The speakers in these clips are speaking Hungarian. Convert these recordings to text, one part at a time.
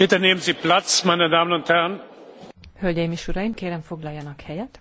bitte nehmen sie platz meine damen und herren! hölgyeim és uraim kérem foglaljanak helyet.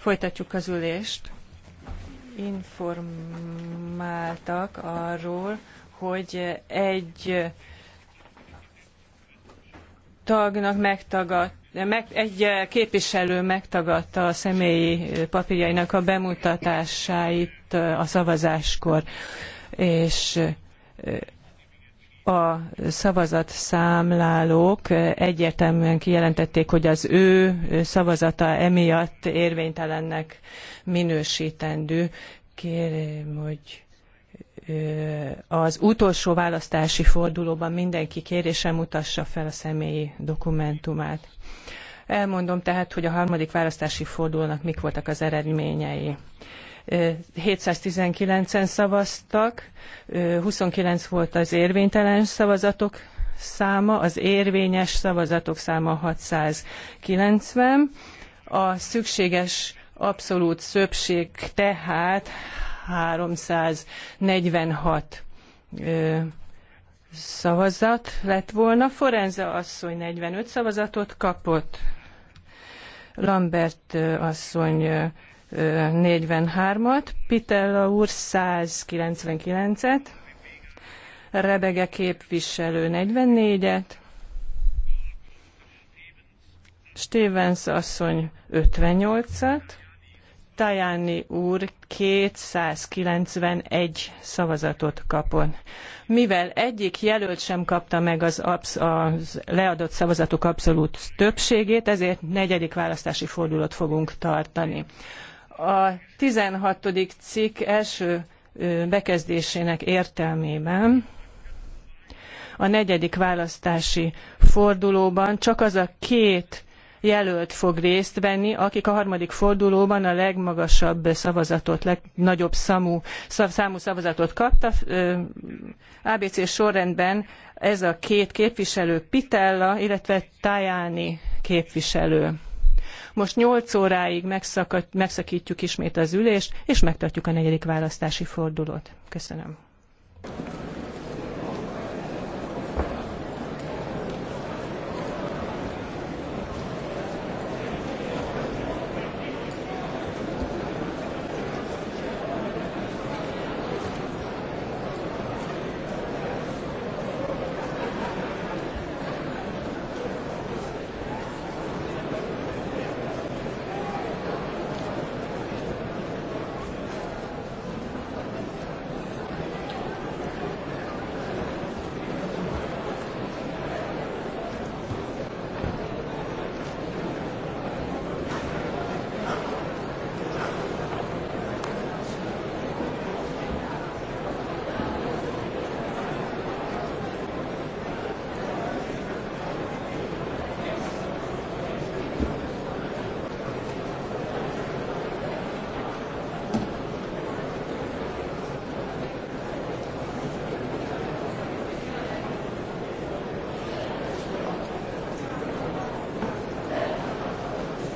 Folytatjuk az ülést. Informáltak arról, hogy egy tagnak megtagad, egy képviselő megtagadta a személyi papírjainak a bemutatásait a szavazáskor, és a szavazatszámlálók egyértelműen kijelentették, hogy az ő szavazata emiatt érvénytelennek minősítendő. Kérem, hogy az utolsó választási fordulóban mindenki kérésem mutassa fel a személyi dokumentumát. Elmondom tehát, hogy a harmadik választási fordulónak mik voltak az eredményei. 719-en szavaztak, 29 volt az érvénytelen szavazatok száma, az érvényes szavazatok száma 690. A szükséges abszolút szöbség tehát 346 ö, szavazat lett volna. Forenza asszony 45 szavazatot kapott, Lambert asszony 43-at, Pitella úr 199-et, Rebege képviselő 44-et, Stevens asszony 58-at, Tajani úr 291 szavazatot kapott. Mivel egyik jelölt sem kapta meg az, absz- az leadott szavazatok abszolút többségét, ezért negyedik választási fordulót fogunk tartani a 16. cikk első bekezdésének értelmében a negyedik választási fordulóban csak az a két jelölt fog részt venni, akik a harmadik fordulóban a legmagasabb szavazatot, legnagyobb számú, számú szavazatot kapta. ABC sorrendben ez a két képviselő Pitella, illetve Tajani képviselő. Most nyolc óráig megszakítjuk ismét az ülést, és megtartjuk a negyedik választási fordulót. Köszönöm.